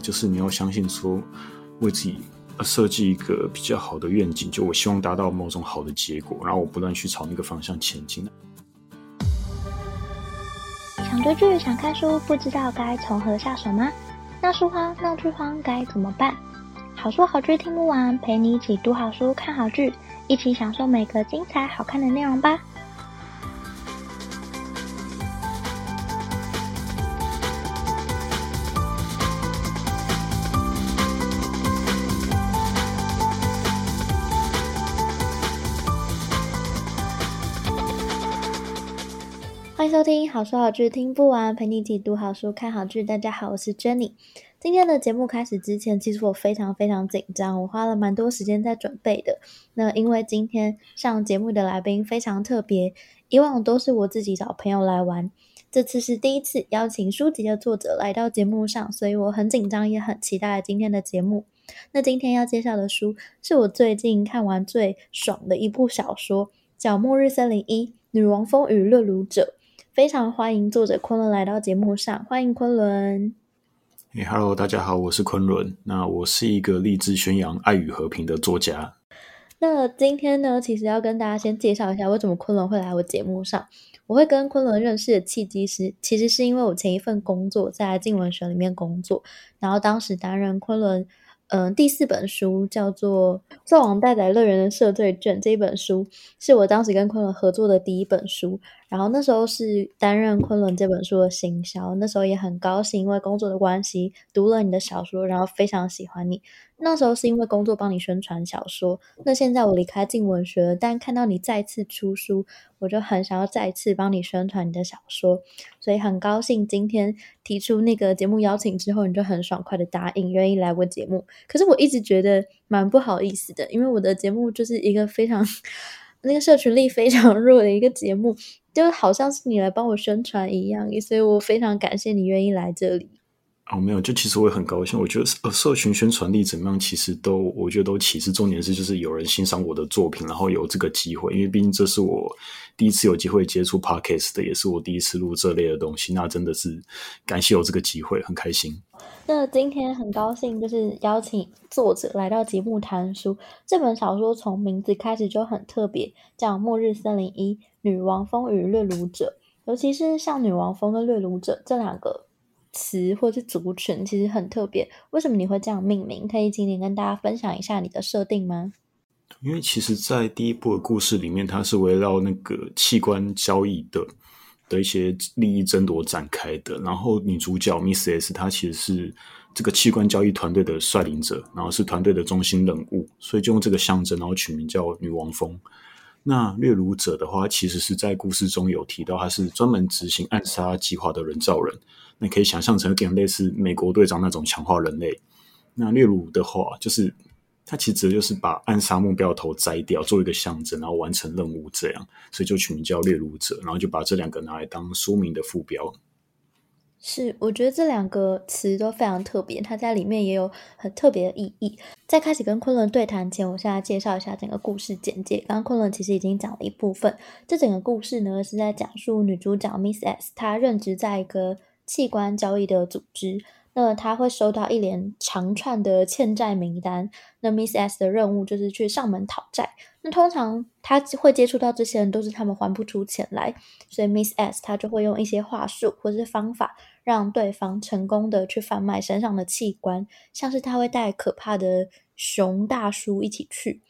就是你要相信，說為自己設計一個比較好的願景，就我希望達到某種好的結果，然後我不斷去朝那個方向前進。想追劇、想看書，不知道該從何下手嗎？鬧書荒、鬧劇荒該怎麼辦？好書好劇聽不完，陪你一起讀好書、看好劇，一起享受每個精彩、好看的內容吧。聽好書好劇聽不完，陪你一起讀好書看好劇。大家好，我是 Jenny。今天的節目開始之前，其實我非常非常緊張，我花了蠻多時間在準備的。那因為今天上節目的來賓非常特別，以往都是我自己找朋友來玩，這次是第一次邀請書籍的作者來到節目上，所以我很緊張，也很期待今天的節目。那今天要介紹的書是我最近看完最爽的一部小說，叫《小末日森林一女王風雨樂讀者》。非常歡迎作者崑崙來到節目上，歡迎崑崙。Hey, hello, 大家好，我是崑崙。那我是一個立志宣揚愛與和平的作家。那今天呢，其實要跟大家先介紹一下，為什麼崑崙會來我節目上。我會跟崑崙認識的契機是，其實是因為我前一份工作在鏡文學裡面工作，然後當時擔任崑崙，嗯、呃，第四本書叫做《送往帶崽樂園的赦罪卷》，這一本書是我當時跟崑崙合作的第一本書。然後那時候是擔任《崑崙》這本書的行銷，那時候也很高興，因為工作的關係讀了你的小說，然後非常喜歡你。那時候是因為工作幫你宣傳小說，那現在我離開進文學鏡文學了，但看到你再次出書，我就很想要再次幫你宣傳你的小說，所以很高興今天提出那個節目邀請之後，你就很爽快的答應，願意來我節目。可是我一直覺得蠻不好意思的，因為我的節目就是一個非常。那個社群力非常弱的一個節目，就好像是你來幫我宣傳一樣，所以我非常感謝你願意來這裡。哦，沒有，就其實我很高興。我覺得社群宣傳力怎麼樣，其實都我覺得都其實重點是就是有人欣賞我的作品，然後有這個機會，因為畢竟這是我第一次有機會接觸 podcast 的，也是我第一次錄這類的東西，那真的是感謝有這個機會，很開心。那今天很高興，就是邀請作者來到節目談書。這本小說從名字開始就很特別，叫《末日森林 Ｉ：女王蜂與掠顱者》。尤其是像“女王蜂”跟“掠顱者”這兩個詞，或是族群，其實很特別。為什麼你會這樣命名？可以今天跟大家分享一下你的設定嗎？因為其實，在第一部的故事裡面，它是圍繞那個器官交易的。的一些利益爭奪展開的，然後女主角 Miss S 她其實是這個器官交易團隊的率領者，然後是團隊的中心人物，所以就用這個象徵，然後取名叫女王蜂。那掠顱者的話，其實是在故事中有提到，他是專門執行暗殺計劃的人造人，那可以想象成有點類似美國隊長那種強化人類。那掠顱的話，就是。它其實就是把暗殺目標頭摘掉，做一個象徵，然後完成任務這樣，所以就取名叫掠顱者，然後就把這兩個拿來當書名的副標。是，我覺得這兩個詞都非常特別，它在裡面也有很特別的意義。在開始跟昆侖對談前，我先來介紹一下整個故事簡介。剛剛昆侖其實已經講了一部分，這整個故事呢是在講述女主角 Miss S，她任職在一個器官交易的組織。那他會收到一連長串的欠債名單，那 Miss S 的任務就是去上門討債。那通常他會接觸到這些人都是他們還不出錢來，所以 Miss S 他就會用一些話術或是方法，讓對方成功的去販賣身上的器官，像是他會帶可怕的熊大叔一起去，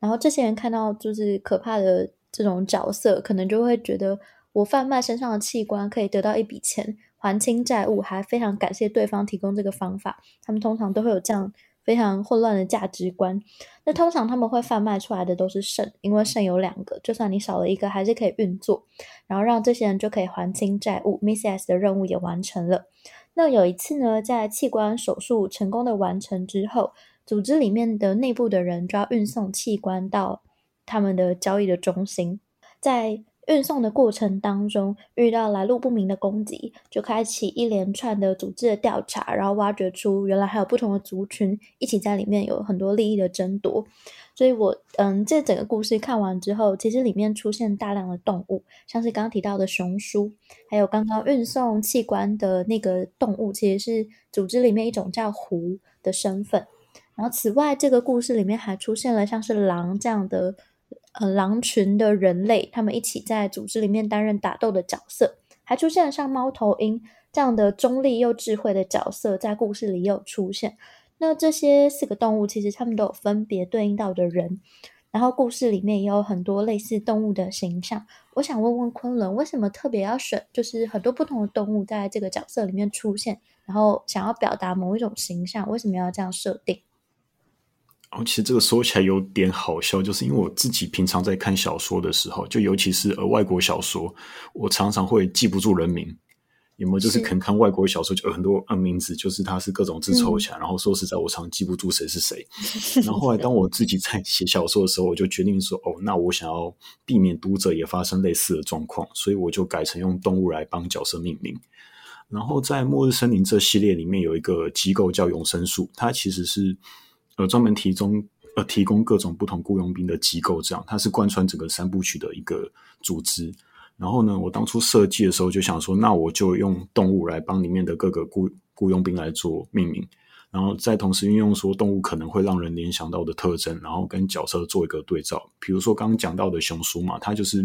然後這些人看到就是可怕的這種角色，可能就會覺得我販賣身上的器官可以得到一筆錢。還清債務，還非常感謝對方提供這個方法。他們通常都會有這樣非常混亂的價值觀。那通常他們會販賣出來的都是腎，因為腎有兩個，就算你少了一個還是可以運作。然後讓這些人就可以還清債務，Misses 的任務也完成了。那有一次呢，在器官手術成功的完成之後，組織裡面的內部的人就要運送器官到他們的交易的中心，在運送的過程當中，遇到來路不明的攻擊，就開啟一連串的組織的調查，然後挖掘出原來還有不同的族群一起在裡面有很多利益的爭奪。所以我，我嗯，這整個故事看完之後，其實裡面出現大量的動物，像是剛剛提到的熊叔，還有剛剛運送器官的那個動物，其實是組織裡面一種叫狐的身份。然後，此外，這個故事裡面還出現了像是狼這樣的。呃，狼群的人類，他們一起在組織裡面擔任打鬥的角色，還出現了像貓頭鷹這樣的中立又智慧的角色，在故事裡有出現。那這些四個動物，其實他們都有分別對應到的人，然後故事裡面也有很多類似動物的形象。我想問問崑崙，為什麼特別要選，就是很多不同的動物在這個角色裡面出現，然後想要表達某一種形象，為什麼要這樣設定？然後其實這個說起來有點好笑，就是因為我自己平常在看小說的時候，就尤其是呃外國小說，我常常會記不住人名。有沒有？就是肯看外國小說，就有很多呃名字是就是它是各種字湊起來，嗯。然後說實在，我常常記不住誰是誰。 然後後來當我自己在寫小說的時候，我就決定說，哦，那我想要避免讀者也發生類似的狀況，所以我就改成用動物來幫角色命名。然後在《末日森林》這系列裡面，有一個機構叫永生樹，它其實是。呃，專門提供呃提供各種不同雇傭兵的機構，這樣。它是貫穿整個三部曲的一個組織。然後呢，我當初設計的時候就想說，那我就用動物來幫裡面的各個雇雇傭兵來做命名，然後再同時運用說動物可能會讓人聯想到的特徵，然後跟角色做一個對照。比如說剛剛講到的熊叔嘛，他就是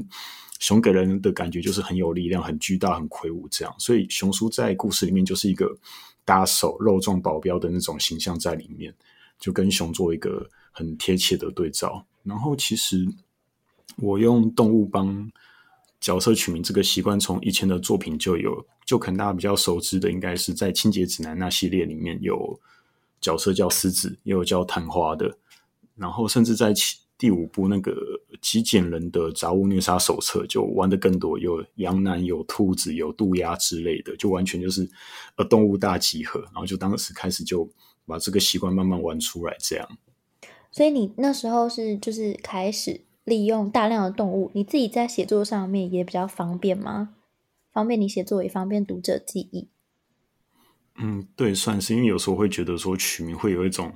熊給人的感覺就是很有力量、很巨大、很魁梧這樣，所以熊叔在故事裡面就是一個打手、肉壯保鏢的那種形象在裡面。就跟熊做一個很貼切的對照。然後，其實我用動物幫角色取名這個習慣，從以前的作品就有。就可能大家比較熟知的，應該是在《清潔指南》那系列裡面有角色叫獅子，也有叫曇花的。然後，甚至在第五部那個《極簡人的雜物虐殺手冊》就玩得更多，有羊男、有兔子、有渡鴉之類的，就完全就是呃動物大集合。然後就當時開始就。把這個習慣慢慢玩出來，這樣。所以你那時候是就是開始利用大量的動物，你自己在寫作上面也比較方便嗎？方便你寫作，也方便讀者記憶。嗯，對，算是。因為有時候會覺得說取名會有一種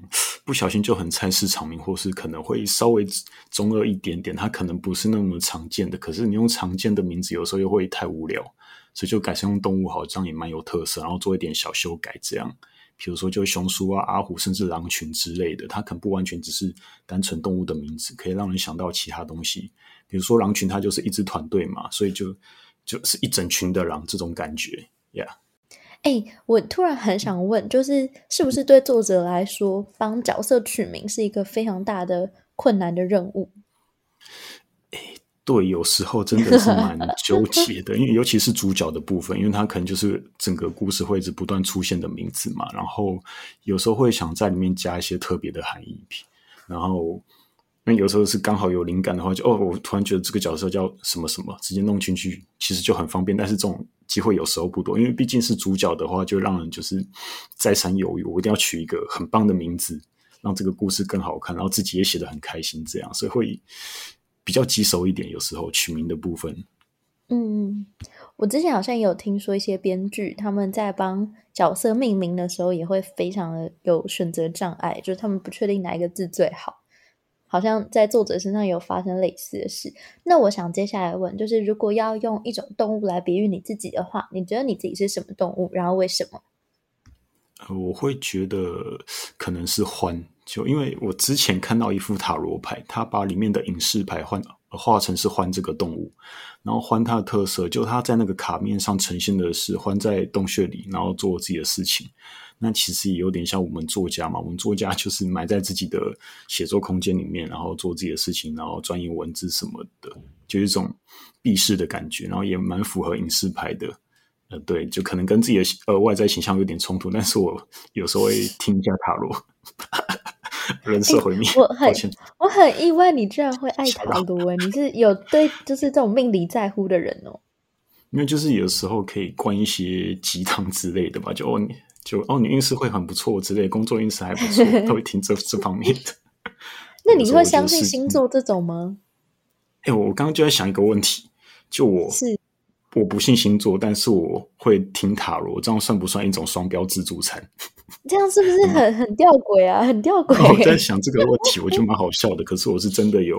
不小心就很菜市場名，或是可能會稍微中二一點點，它可能不是那麼常見的。可是你用常見的名字，有時候又會太無聊，所以就改成用動物，好像也蠻有特色，然後做一點小修改，這樣。比如說，就熊叔啊、阿虎，甚至狼群之類的，它可能不完全只是單純動物的名字，可以讓人想到其他東西。比如說，狼群它就是一支團隊嘛，所以就就是一整群的狼這種感覺，呀。哎，我突然很想問，就是是不是對作者來說，幫角色取名是一個非常大的困難的任務？欸對，有時候真的是蠻糾結的，因為尤其是主角的部分，因為它可能就是整個故事會一直不斷出現的名字嘛。然後有時候會想在裡面加一些特別的含義品。然後那有時候是剛好有靈感的話，就哦，我突然覺得這個角色叫什麼什麼，直接弄進去，其實就很方便。但是這種機會有時候不多，因為畢竟是主角的話，就讓人就是再三猶豫。我一定要取一個很棒的名字，讓這個故事更好看，然後自己也寫得很開心，這樣，所以會。比較棘手一點，有時候取名的部分。嗯，我之前好像也有聽說一些編劇他們在幫角色命名的時候也會非常的有選擇障礙，就是他們不確定哪一個字最好。好像在作者身上有發生類似的事。那我想接下來問，就是如果要用一種動物來比喻你自己的話，你覺得你自己是什麼動物，然後為什麼？我會覺得可能是獾。就因為我之前看到一副塔羅牌，他把裡面的隱士牌換畫成是獾這個動物，然後獾它的特色，就他在那個卡面上呈現的是獾在洞穴裡，然後做自己的事情。那其實也有點像我們作家嘛，我們作家就是埋在自己的寫作空間裡面，然後做自己的事情，然後鑽研文字什麼的，就一種避世的感覺。然後也蠻符合隱士牌的，呃，對，就可能跟自己的呃外在形象有點衝突，但是我有時候會聽一下塔羅。 人設毀滅，我很我很意外，你居然會愛塔羅耶，你是有對，就是這種命理在乎的人哦？ 因為就是有時候可以灌一些雞湯之類的吧，就哦，就哦，你運勢、哦、會很不錯之類，工作運勢還不錯，他會聽這 這方面的。那你會相信星座這種嗎？哎、欸，我剛剛就在想一個問題，就我是。我不信星座，但是我會聽塔羅，這樣算不算一種雙標自助餐？這樣是不是很、嗯、很吊詭啊？很吊詭、欸！我在想這個問題，我就蠻好笑的。 可是我是真的有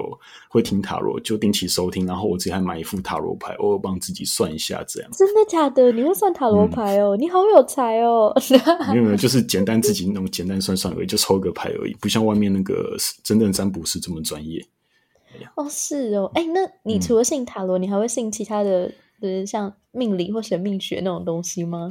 會聽塔羅，就定期收聽，然後我自己還買一副塔羅牌，偶爾幫自己算一下。這樣真的假的？你會算塔羅牌哦、嗯？你好有才哦！ 沒有沒有，就是簡單自己那麼簡單算算而已，就抽一個牌而已，不像外面那個真正的占卜師這麼專業、哎。哦，是哦，哎、欸，那你除了信塔羅、嗯，你還會信其他的？就是像命理或神秘學那種東西嗎？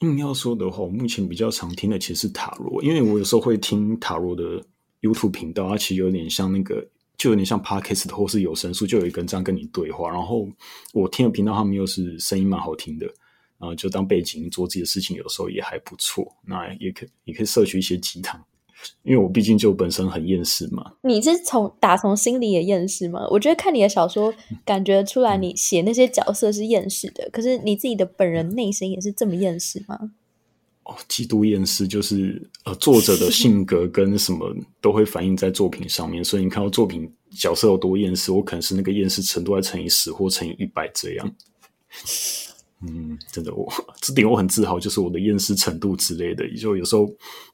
硬要說的話，我目前比較常聽的其實是塔羅，因為我有時候會聽塔羅的 YouTube 頻道，它其實有點像那個，就有點像 Podcast 或是有聲書，就有一個人這樣跟你對話。然後我聽的頻道他們又是聲音蠻好聽的，然後，呃，就當背景做自己的事情，有時候也還不錯。那也可也可以攝取一些雞湯。因為我畢竟就本身很厭世嘛。你是從打從心裡也厭世嗎？我覺得看你的小說，感覺出來你寫那些角色是厭世的，可是你自己的本人內心也是這麼厭世嗎？哦，極度厭世就是呃，作者的性格跟什麼都會反映在作品上面， 所以你看到作品角色有多厭世，我可能是那個厭世程度還乘以十或乘以一百這樣。 嗯，真的，我這點我很自豪，就是我的厭世程度之類的。也就有時候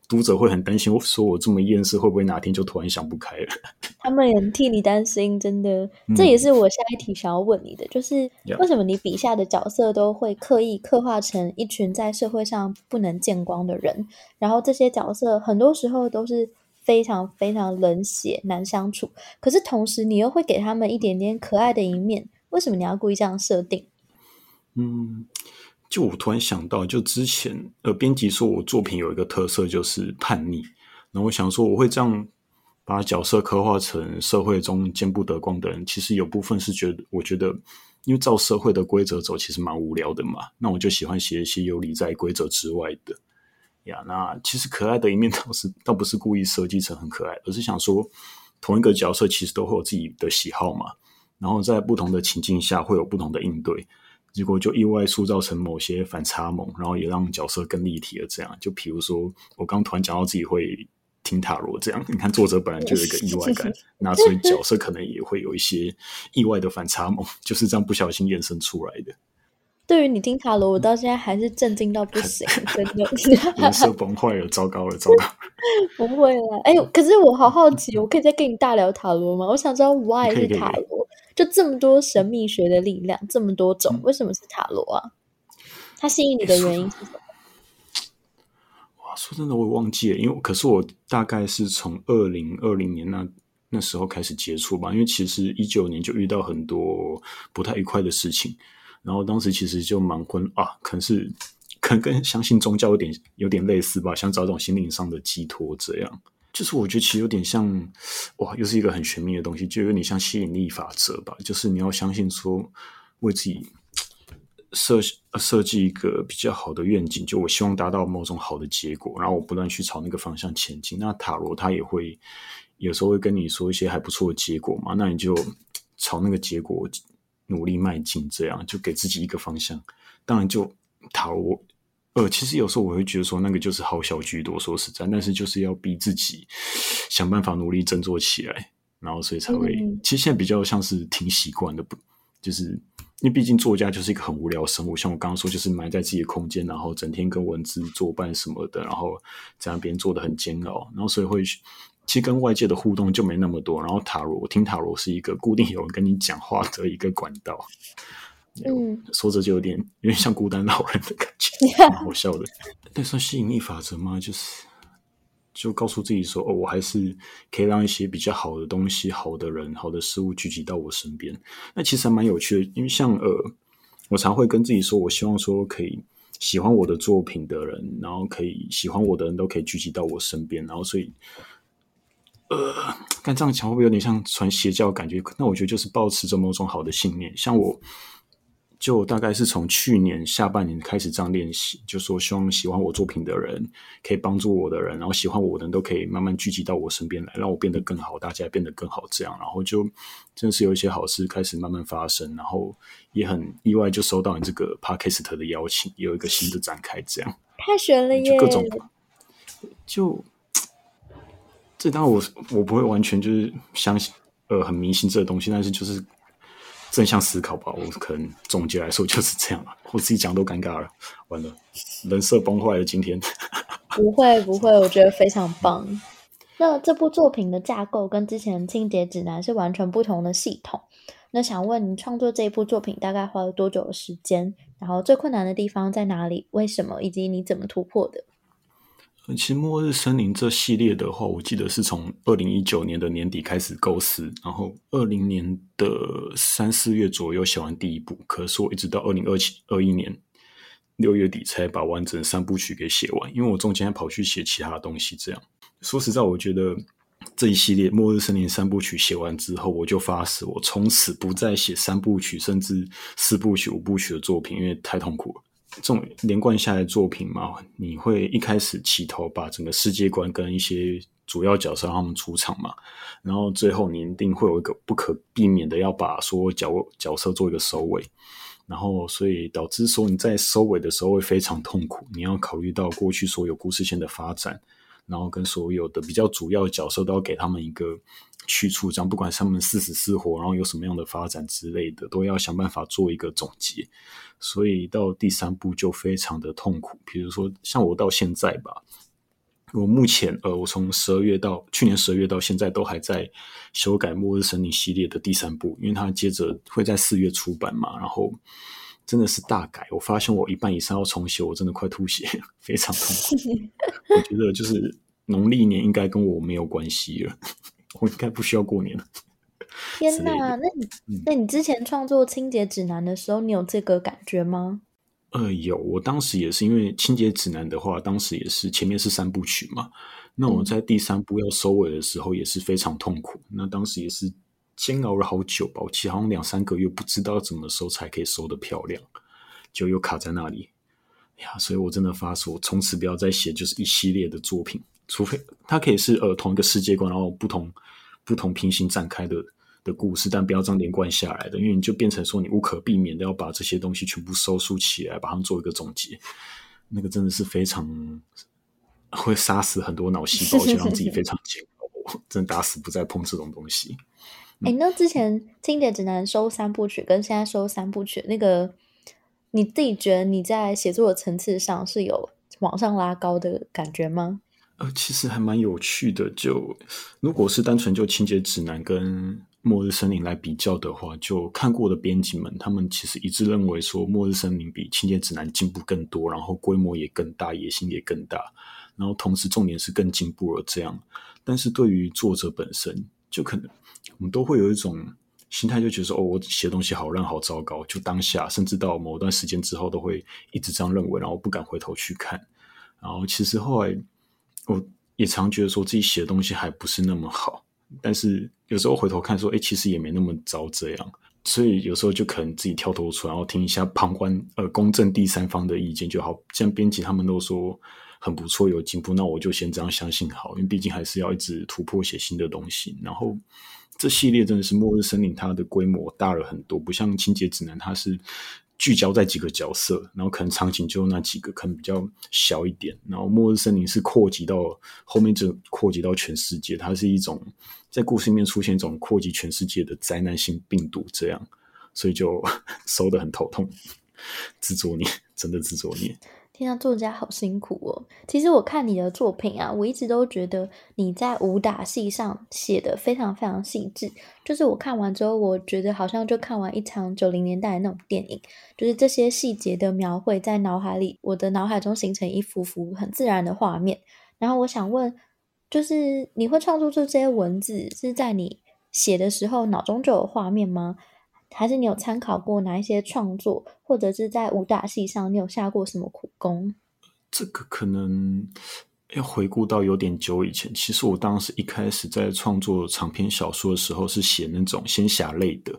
讀者會很擔心，我說我這麼厭世，會不會哪天就突然想不開了？他們也替你擔心，真的，這也是我現在挺想要問你的，嗯，就是為什麼你筆下的角色都會刻意刻畫成一群在社會上不能見光的人，然後這些角色很多時候都是非常非常冷血難相處，可是同時你又會給他們一點點可愛的一面，為什麼你要故意這樣設定？嗯，就我突然想到，就之前呃，編輯說我作品有一個特色就是叛逆，然後我想說，我會這樣把角色刻畫成社會中見不得光的人。其實有部分是覺得，我覺得因為照社會的規則走，其實蠻無聊的嘛。那我就喜歡寫一些游離在規則之外的呀。那其實可愛的一面倒是倒不是故意設計成很可愛，而是想說同一個角色其實都會有自己的喜好嘛，然後在不同的情境下會有不同的應對。結果就意外塑造成某些反差萌，然後也讓角色更立體了。這樣，就比如說我剛剛突然講到自己會聽塔羅，這樣你看作者本來就有一個意外感，那所以角色可能也會有一些意外的反差萌， 就是這樣不小心衍生出來的。對於你聽塔羅，我到現在還是震驚到不行， 真的顏 色崩壞了，糟糕了，糟糕！ 不會了，哎、欸、呦！可是我好好奇， 我可以再跟你大聊塔羅嗎？我想知道 why 是塔羅。可以可以。就這麼多神秘學的力量，這麼多種，為什麼是塔羅啊？它吸引你的原因是什麼？哎、說真的，我也忘記了，因為可是我大概是從二零二零年那那時候開始接觸吧，因為其實一九年就遇到很多不太愉快的事情，然後當時其實就蠻昏啊，可能是可能跟相信宗教有點有點類似吧，想找一種心靈上的寄托這樣。就是我覺得其實有點像，哇，又是一個很玄秘的東西，就有點像吸引力法則吧。就是你要相信說，為自己設計設計一個比較好的願景，就我希望達到某種好的結果，然後我不斷去朝那個方向前進。那塔羅它也會有時候會跟你說一些還不錯的結果嘛，那你就朝那個結果努力邁進，這樣就給自己一個方向。當然就，就塔羅。呃，其實有時候我會覺得說，那個就是好小居多。說實在，但是就是要逼自己想辦法努力振作起來，然後所以才會。嗯。其實現在比較像是挺習慣的，就是因為畢竟作家就是一個很無聊生物。像我剛剛說，就是埋在自己的空間，然後整天跟文字作伴什麼的，然後這樣別人做得很煎熬，然後所以會其實跟外界的互動就沒那麼多。然後塔羅，我聽塔羅是一個固定有人跟你講話的一個管道。Yeah, 嗯,說着就有點有點像孤單老人的感覺，嗯、蠻好笑的。那 算吸引力法則嗎？就是就告訴自己說、哦，我還是可以讓一些比較好的東西、好的人、好的事物聚集到我身邊。那其實還蠻有趣的，因為像呃，我常會跟自己說，我希望說可以喜歡我的作品的人，然後可以喜歡我的人都可以聚集到我身邊。然後所以，呃，但這樣講會不會有點像傳邪教的感覺？那我覺得就是抱持着某種好的信念，像我。就大概是從去年下半年開始這樣練習，就說希望喜歡我作品的人、可以幫助我的人，然後喜歡我的人都可以慢慢聚集到我身邊來，讓我變得更好，大家也變得更好，這樣。然後就真的是有一些好事開始慢慢發生，然後也很意外就收到你這個 podcast 的邀請，有一個新的展開，這樣太神了耶！就各種就這，當然我我不會完全就是相信呃很迷信這個東西，但是就是。正向思考吧，我可能總結來說就是這樣了。我自己講都尷尬了，完了，人設崩壞了今天。不會不會，我覺得非常棒。 那這部作品的架構跟之前《清潔指南》是完全不同的系統。那想問你，創作這一部作品大概花了多久的時間？然後最困難的地方在哪裡？為什麼？以及你怎麼突破的？其實《末日森林》這系列的話，我記得是從二零一九年的年底開始構思，然後二零年的三四月左右寫完第一部，可是我一直到二零二七二一年六月底才把完整三部曲給寫完，因為我中間還跑去寫其他的東西這樣。說實在，我覺得這一系列《末日森林》三部曲寫完之後，我就發誓我從此不再寫三部曲、甚至四部曲、五部曲的作品，因為太痛苦了。這種連貫下來的作品嘛，你會一開始起頭把整個世界觀跟一些主要角色讓他們出場嘛，然後最後你一定會有一個不可避免的要把所有角角色做一個收尾，然後所以導致說你在收尾的時候會非常痛苦，你要考慮到過去所有故事線的發展。然後跟所有的比較主要的角色都要給他們一個去處，這樣不管他們是死是活，然後有什麼樣的發展之類的，都要想辦法做一個總結。所以到第三部就非常的痛苦。比如說像我到現在吧，我目前呃，我從十二月到去年十二月到現在都還在修改《末日森林》系列的第三部，因為它接着會在四月出版嘛。然後真的是大改，我發現我一半以上要重寫，我真的快吐血，非常痛苦。 我覺得就是。農曆年應該跟我沒有關係了，我應該不需要過年。天哪！那你，嗯，那你之前創作《清潔指南》的時候，你有這個感覺嗎？呃，有。我當時也是因為《清潔指南》的話，當時也是前面是三部曲嘛。那我在第三部要收尾的時候，也是非常痛苦，嗯。那當時也是煎熬了好久吧，我記得好像兩三個月，不知道怎麼收才可以收的漂亮，就又卡在那裡。哎呀，所以我真的發愁，從此不要再寫就是一系列的作品。除非它可以是呃同一個世界觀，然後，不同，不同平行展開的的故事，但不要這樣連貫下來的，因為你就變成說你無可避免的要把這些東西全部收束起來，把它們做一個總結，那個真的是非常會殺死很多腦細胞，就讓自己非常煎熬，真打死不再碰這種東西。哎、嗯，那之前經典只能收三部曲跟現在收三部曲，那個你自己覺得你在寫作的層次上是有往上拉高的感覺嗎？其實還蠻有趣的。就如果是單純就清潔指南跟末日森林來比較的話，就看過的編輯們，他們其實一致認為說末日森林比清潔指南進步更多，然後規模也更大，野心也更大，然後同時重點是更進步了這樣。但是對於作者本身，就可能我們都會有一種心態，就覺得說哦，我寫的東西好爛、好糟糕，就當下，甚至到某一段時間之後，都會一直這樣認為，然後不敢回頭去看。然後其實後來。我也常覺得說自己寫的東西還不是那麼好，但是有時候回頭看說，哎、欸，其實也沒那麼糟這樣。所以有時候就可能自己跳脫出來，然後聽一下旁觀呃公正第三方的意見就好。像編輯他們都說很不錯，有進步，那我就先這樣相信好，因為畢竟還是要一直突破寫新的東西。然後這系列真的是《末日森林》，它的規模大了很多，不像《清潔指南》，它是。聚焦在幾個角色，然後可能場景就那幾個，可能比較小一點。然後《末日森林》是擴及到後面就擴及到全世界，它是一種在故事裡面出現一種擴及全世界的災難性病毒，這樣，所以就收得很頭痛。自作孽，真的自作孽。那作家好辛苦哦。其實我看你的作品啊，我一直都覺得你在武打戲上寫的非常非常細緻。就是我看完之後，我覺得好像就看完一場九零年代的那種電影，就是這些細節的描繪在腦海裡，我的腦海中形成一幅幅很自然的畫面。然後我想問，就是你會創作出這些文字，是在你寫的時候腦中就有畫面嗎？還是你有參考過哪一些創作，或者是在武打戲上，你有下過什麼苦功？這個可能要回顧到有點久以前。其實我當時一開始在創作長篇小說的時候，是寫那種仙俠類的，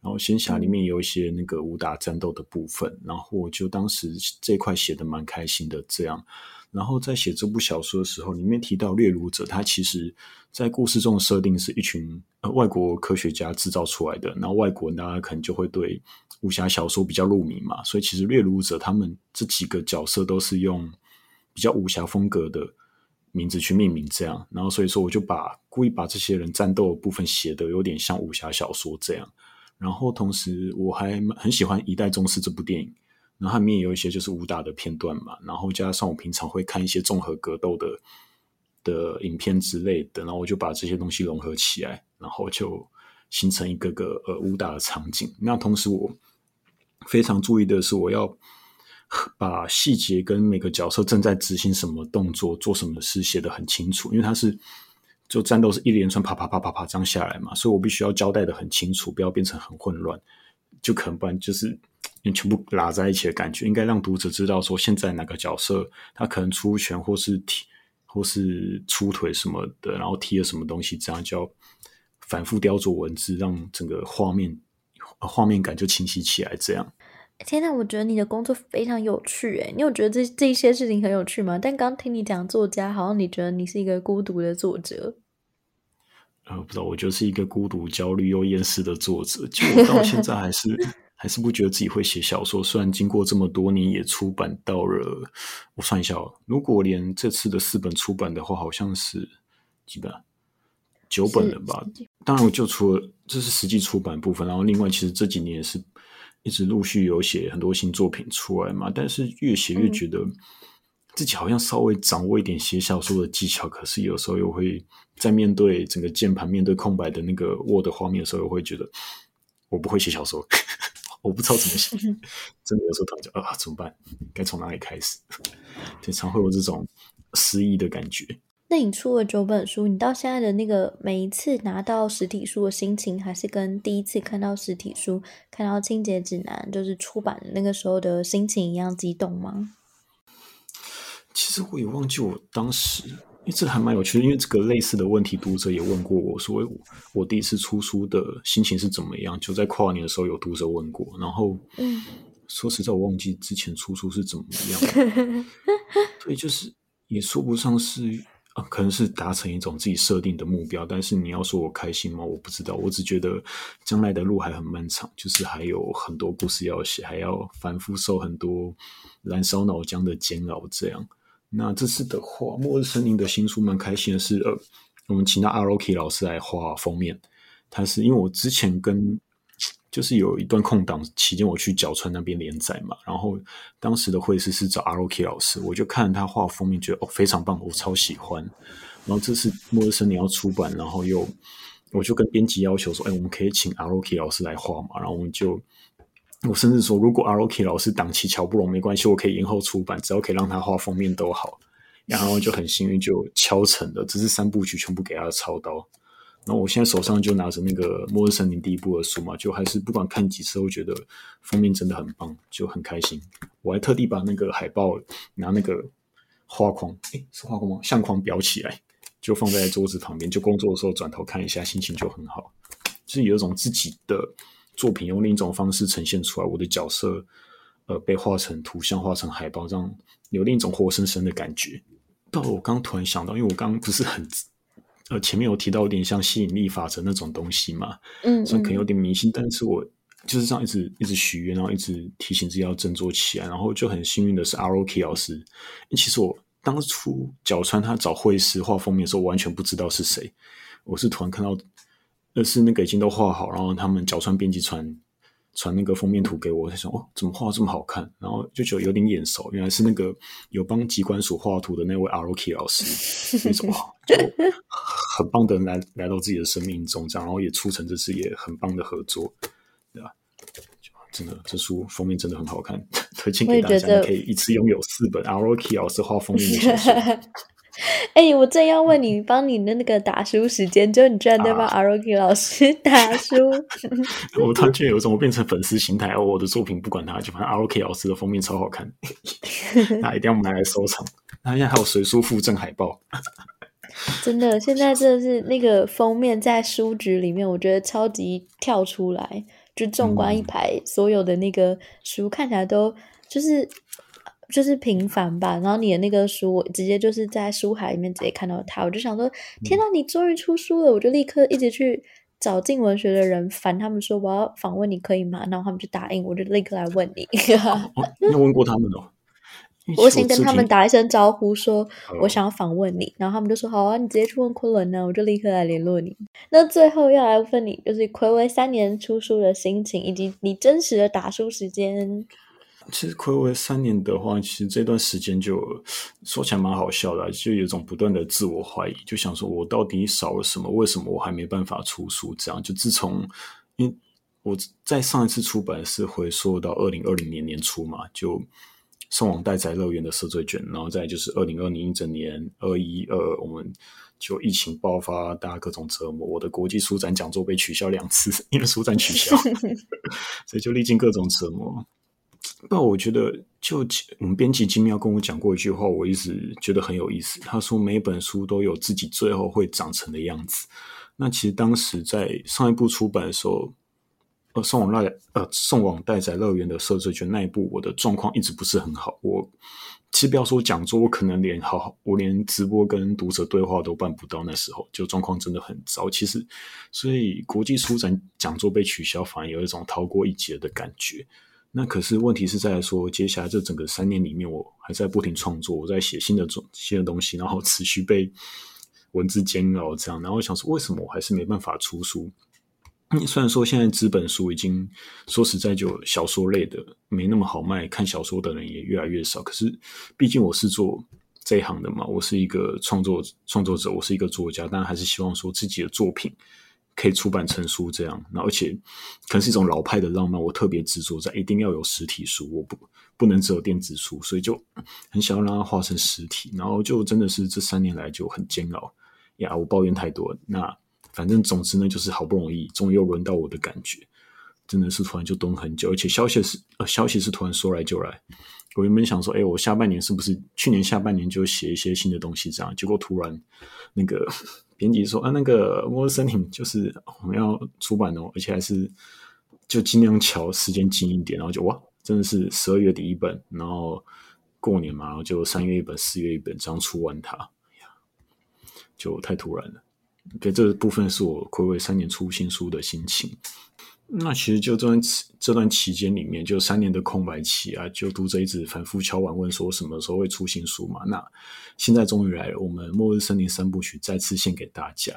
然後仙俠裡面有一些那個武打戰鬥的部分，然後我就當時這塊寫得蠻開心的，這樣。然後在寫這部小說的時候，裡面提到掠顱者，他其實在故事中的設定是一群呃外國科學家制造出來的。然後外國人大家可能就會對武俠小說比較入迷嘛，所以其實掠顱者他們這幾個角色都是用比較武俠風格的名字去命名這樣，然後所以說我就把故意把這些人戰鬥的部分寫得有點像武俠小說這樣。然後同時我還很喜歡《一代宗師》這部電影。然後裡面也有一些就是武打的片段嘛，然後加上我平常會看一些綜合格鬥的的影片之類的，然後我就把這些東西融合起來，然後就形成一個個呃武打的場景。那同時我非常注意的是，我要把細節跟每個角色正在執行什麼動作、做什麼事寫得很清楚，因為它是就戰鬥是一連串啪啪啪啪啪這樣下來嘛，所以我必須要交代得很清楚，不要變成很混亂，就可能不然就是。用全部拉在一起的感覺，應該讓讀者知道說現在哪個角色他可能出拳，或是踢，或是出腿什麼的，然後踢了什麼東西，這樣就要反覆雕琢文字，讓整個畫面畫面感就清晰起來。這樣，現在我覺得你的工作非常有趣、欸，誒，你有覺得這這些事情很有趣嗎？但剛聽你講作家，好像你覺得你是一個孤獨的作者。呃，不知道，我就是一個孤獨、焦慮又厭世的作者，結果我到現在還是。 還是不覺得自己會寫小說，雖然經過這麼多年，也出版到了。我算一下哦，如果連這次的四本出版的話，好像是幾本？九本了吧？當然，我就除了這是實際出版的部分，然後另外其實這幾年也是一直陸續有寫很多新作品出來嘛。但是越寫越覺得自己好像稍微掌握一點寫小說的技巧，嗯、可是有時候又會在面對整個鍵盤、面對空白的那個 Word 畫面的時候，又會覺得我不會寫小說。 我不知道怎麼想，真的有時候大家啊，怎麼辦？該從哪裡開始？經常會有這種失意的感覺。那你出了九本書，你到現在的那個每一次拿到實體書的心情，還是跟第一次看到實體書、看到《清潔指南》就是出版的那個時候的心情一樣激動嗎？其實我也忘記我當時。因為這還蠻有趣的，因為這個類似的問題，讀者也問過我，說我，我第一次出書的心情是怎麼樣？就在跨年的時候，有讀者問過，然後說實在，我忘記之前出書是怎麼樣。所以就是也說不上是，啊，可能是達成一種自己設定的目標，但是你要說我開心嗎？我不知道，我只覺得將來的路還很漫長，就是還有很多故事要寫，還要反覆受很多燃燒腦漿的煎熬，這樣。那這次的話，《末日森林》的新書蠻開心的是，呃，我們請到阿羅 K 老師來畫封面。他是因為我之前跟，就是有一段空檔期間，我去角川那邊連載嘛，然後當時的繪師是找阿羅 K 老師，我就看他畫封面，覺得哦非常棒，我超喜歡。然後這次《末日森林》要出版，然後又我就跟編輯要求說，哎、欸，我們可以請阿羅 K 老師來畫嘛，然後我們就。我甚至說，如果阿羅 K 老師檔期喬不攏沒關係，我可以延後出版，只要可以讓他畫封面都好。然後就很幸運就敲成了，這是三部曲全部給他的操刀。然後我現在手上就拿着那個《末日森林》第一部的書嘛，就還是不管看幾次都覺得封面真的很棒，就很開心。我還特地把那個海報拿那個畫框，哎，是畫框嗎？相框裱起來，就放在桌子旁邊，就工作的時候轉頭看一下，心情就很好，就是有一種自己的。作品用另一種方式呈現出來，我的角色，呃，被畫成圖像，畫成海報，這樣有另一種活生生的感覺。到我剛突然想到，因為我剛不是很，呃，前面有提到有點像吸引力法則那種東西嘛，嗯，雖然可能有點迷信，嗯，但是我就是這樣一直一直許願，然後一直提醒自己要振作起來，然後就很幸運的是，ROK 老師，其實我當初角川他找繪師畫封面的時候，我完全不知道是誰，我是突然看到。是那個已經都畫好，然後他們腳穿編輯穿、傳那個封面圖給我，他說：“哦，怎麼畫這麼好看？”然後就覺得有點眼熟，原來是那個有幫機關所畫圖的那位阿羅 key 老師，很棒的人來來到自己的生命中，這樣，然後也促成這次也很棒的合作，對吧、啊？就真的，這書封面真的很好看，推薦給大家，你可以一次擁有四本阿羅 key 老師畫封面 哎、欸，我正要問你，幫你的那個打書時間就、嗯、你居然在幫 R O K 老師打書，啊、 我突然覺得有什麼變成粉絲形態。哦、oh,，我的作品不管他，就反正 R O K 老師的封面超好看， 那一定要拿來收藏。那現在還有隨書附贈海報， 真的，現在真的是那個封面在書局裡面，我覺得超級跳出來，就縱觀一排所有的那個書，嗯、看起來都就是。就是平凡吧，然後你的那個書，我直接就是在書海裡面直接看到它，我就想說，天哪，你終於出書了！我就立刻一直去找鏡文學的人，煩他們說，我要訪問你可以嗎？然後他們就答應，我就立刻來問你。 哦哦、那問過他們了，我先跟他們打一聲招呼說，說、哦、我想要訪問你，然後他們就說好啊，你直接去問崑崙呢，我就立刻來聯絡你。那最後要來問你，就是暌違三年出書的心情，以及你真實的打書時間。其實暌違三年的話，其實這段時間就說起來蠻好笑的啊，就有種不斷的自我懷疑，就想說：我到底少了什麼？為什麼我還沒辦法出書？這樣就自從，因為我在上一次出版是回溯到二零二零年年初嘛，就送往待宰樂園的赦罪券，然後再就是二零二零一整年二一二，212，我們就疫情爆發，大家各種折磨，我的國際書展講座被取消兩次，因為書展取消， 所以就歷經各種折磨。那我覺得，就我們編輯金妙跟我講過一句話，我一直覺得很有意思。他說：“每本書都有自己最後會長成的樣子。”那其實當時在上一部出版的時候，呃，送往待，呃，送往待宰樂園的設置，就那一部我的狀況一直不是很好。我其實不要說講座，我可能連好，我連直播跟讀者對話都辦不到。那時候就狀況真的很糟。其實，所以國際書展講座被取消，反而有一種逃過一劫的感覺。那可是問題是在說，接下來這整個三年裡面，我還在不停創作，我在寫新的新的東西，然後持續被文字煎熬這樣。然後我想說，為什麼我還是沒辦法出書？雖然說現在紙本書已經說實在就小說類的沒那麼好賣，看小說的人也越來越少。可是畢竟我是做這一行的嘛，我是一個創作創作者，我是一個作家，但還是希望說自己的作品，可以出版成書這樣，然後而且可能是一種老派的浪漫，我特別執着在一定要有實體書，我不不能只有電子書，所以就很想要讓它化成實體，然後就真的是這三年來就很煎熬呀，我抱怨太多。那反正總之呢，就是好不容易，終於又輪到我的感覺，真的是突然就蹲很久，而且消息是，呃，消息是突然說來就來。我原本想說，哎、欸，我下半年是不是去年下半年就寫一些新的東西？這樣，結果突然那個編輯說，啊，那個《末日森林》就是我們要出版的、哦，而且還是就盡量喬時間近一點，然後就哇，真的是十二月底一本，然後過年嘛，然後就三月一本，四月一本，這樣出完它，就太突然了。所以這部分是我睽違三年出新書的心情。那其實就這段這段期間裡面，就三年的空白期啊，就讀者一直反覆敲碗問說什麼時候會出新書嘛？那現在終於來了，我們《末日森林》三部曲再次獻給大家。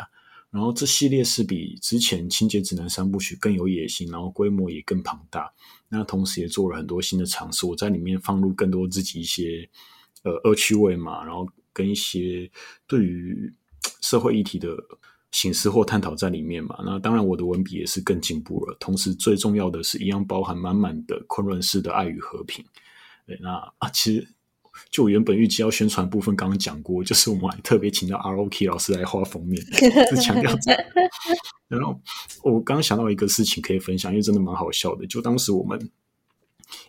然後這系列是比之前《清潔指南》三部曲更有野心，然後規模也更龐大。那同時也做了很多新的嘗試，我在裡面放入更多自己一些呃惡趣味嘛，然後跟一些對於社會議題的。省思或探討在裡面嘛。那當然，我的文筆也是更進步了。同時，最重要的是一樣包含滿滿的昆崙式的愛與和平。對，那啊，其實就我原本預計要宣傳部分，剛剛講過，就是我們還特別請到 ROK 老師來畫封面， 是強調。然後我剛剛想到一個事情可以分享，因為真的蠻好笑的。就當時我們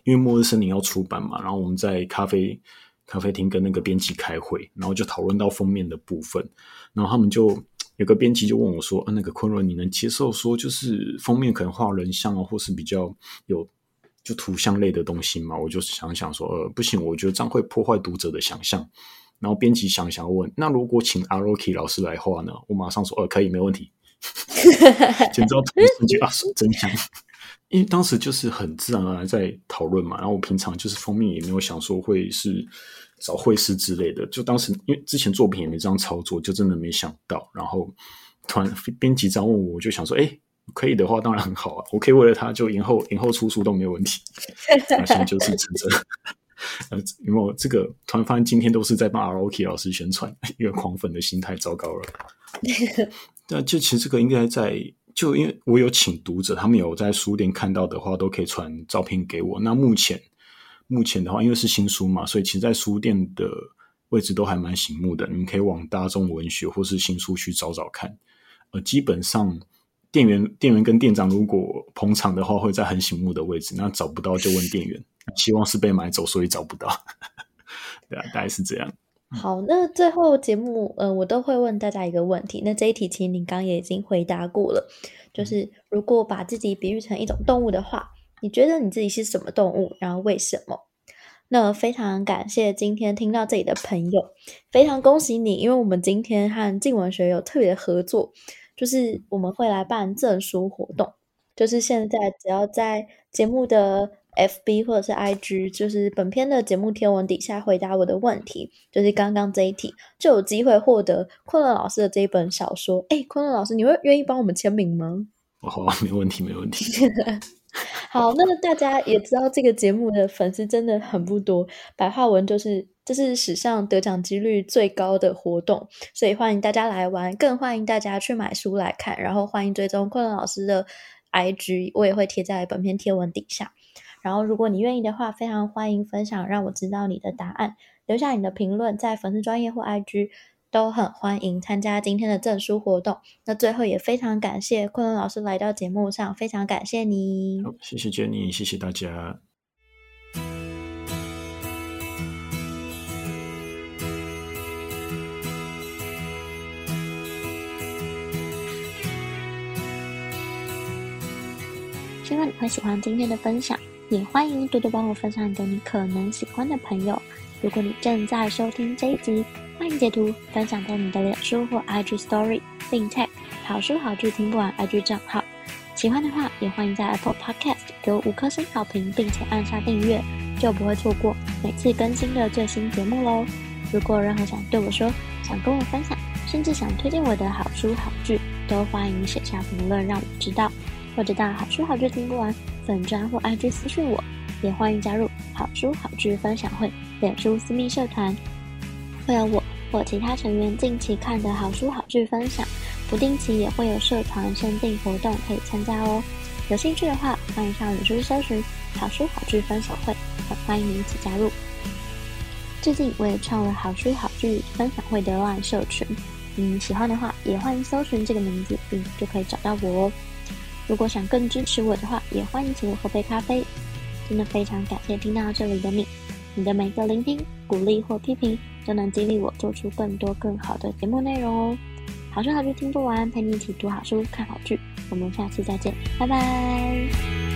因為《末日森林》要出版嘛，然後我們在咖啡咖啡廳跟那個編輯開會，然後就討論到封面的部分，然後他們就。有個編輯就問我說：“呃、啊、那個昆崙，你能接受說就是封面可能畫人像啊，或是比較有就圖像類的東西嘛？”我就想想說：“呃、啊，不行，我覺得這樣會破壞讀者的想象。”然後編輯想想問：“那如果請阿 Roki 老師來畫呢？”我馬上說：“呃、啊，可以，沒問題。”剪刀直接啊，真香！因為當時就是很自然而然在討論嘛，然後我平常就是封面也沒有想說會是。找繪師之類的，就當時因為之前作品也沒這樣操作，就真的沒想到。然後突然編輯長問我，我就想說，哎，可以的話當然很好啊，我可以為了他就延後延後出書都沒有問題。啊、現在就是、 啊、這樣，因為我這個，突然發現今天都是在幫 R O K 老師宣傳，因為狂粉的心態糟糕了。 那就其實這個應該在，就因為我有請讀者，他們有在書店看到的話，都可以傳照片給我。那目前。目前的話，因為是新書嘛，所以其實在書店的位置都還蠻醒目的。你們可以往大眾文學或是新書去找找看。呃，基本上店員、店員跟店長如果捧場的話，會在很醒目的位置。那找不到就問店員， 希望是被買走，所以找不到。 對啊，大概是這樣。好，那最後節目，呃，我都會問大家一個問題。那這一題其實您剛也已經回答過了，就是如果把自己比喻成一種動物的話。嗯你覺得你自己是什麼動物？然後為什麼？那非常感謝今天聽到這裡的朋友，非常恭喜你！因為我們今天和鏡文學有特別的合作，就是我們會來辦贈書活動。就是現在只要在節目的 FB 或者是 IG，就是本篇的節目貼文底下回答我的問題，就是剛剛這一題，就有機會獲得崑崙老師的這一本小說。哎，崑崙老師，你會願意幫我們簽名嗎？我、哦、好，沒問題，沒問題。 好，那麼、個、大家也知道這個節目的粉絲真的很不多，白話文就是這、就是史上得獎幾率最高的活動，所以歡迎大家來玩，更歡迎大家去買書來看，然後歡迎追蹤昆侖老師的 IG，我也會貼在本篇貼文底下。然後如果你願意的話，非常歡迎分享，讓我知道你的答案，留下你的評論，在粉絲專頁或 IG，都很歡迎參加今天的贈書活動。那最後也非常感謝崑崙老師來到節目上，非常感謝你。好，謝謝 Jenny，謝謝大家。希望你會喜歡今天的分享，也歡迎多多幫我分享給你可能喜歡的朋友。如果你正在收聽這一集，歡迎截圖分享到你的臉書或 IG Story，並 tag 好書好劇聽不完 IG 賬號。喜歡的話，也歡迎在 Apple Podcast 給我五顆星好評，並且按下訂閱，就不會錯過每次更新的最新節目嘍。如果任何想對我說、想跟我分享，甚至想推薦我的好書好劇，都歡迎寫下評論讓我知道，或者到好書好劇聽不完粉專或 IG 私訊我。也歡迎加入好書好劇分享會臉書私密社團，歡迎我。或其他成員近期看的好書好劇分享，不定期也會有社團限定活動可以參加哦。有興趣的話，歡迎上網搜尋《好書好劇分享會》，很歡迎你一起加入。最近我也創了好書好劇分享會的 LINE 社群，嗯，喜歡的話也歡迎搜尋這個名字，你就可以找到我哦。如果想更支持我的話，也歡迎請我喝杯咖啡。真的非常感謝聽到這裡的你，你的每個聆聽、鼓勵或批評。就能激勵我做出更多更好的節目內容哦！好書好劇聽不完，陪你一起讀好書、看好劇，我們下期再見，拜拜。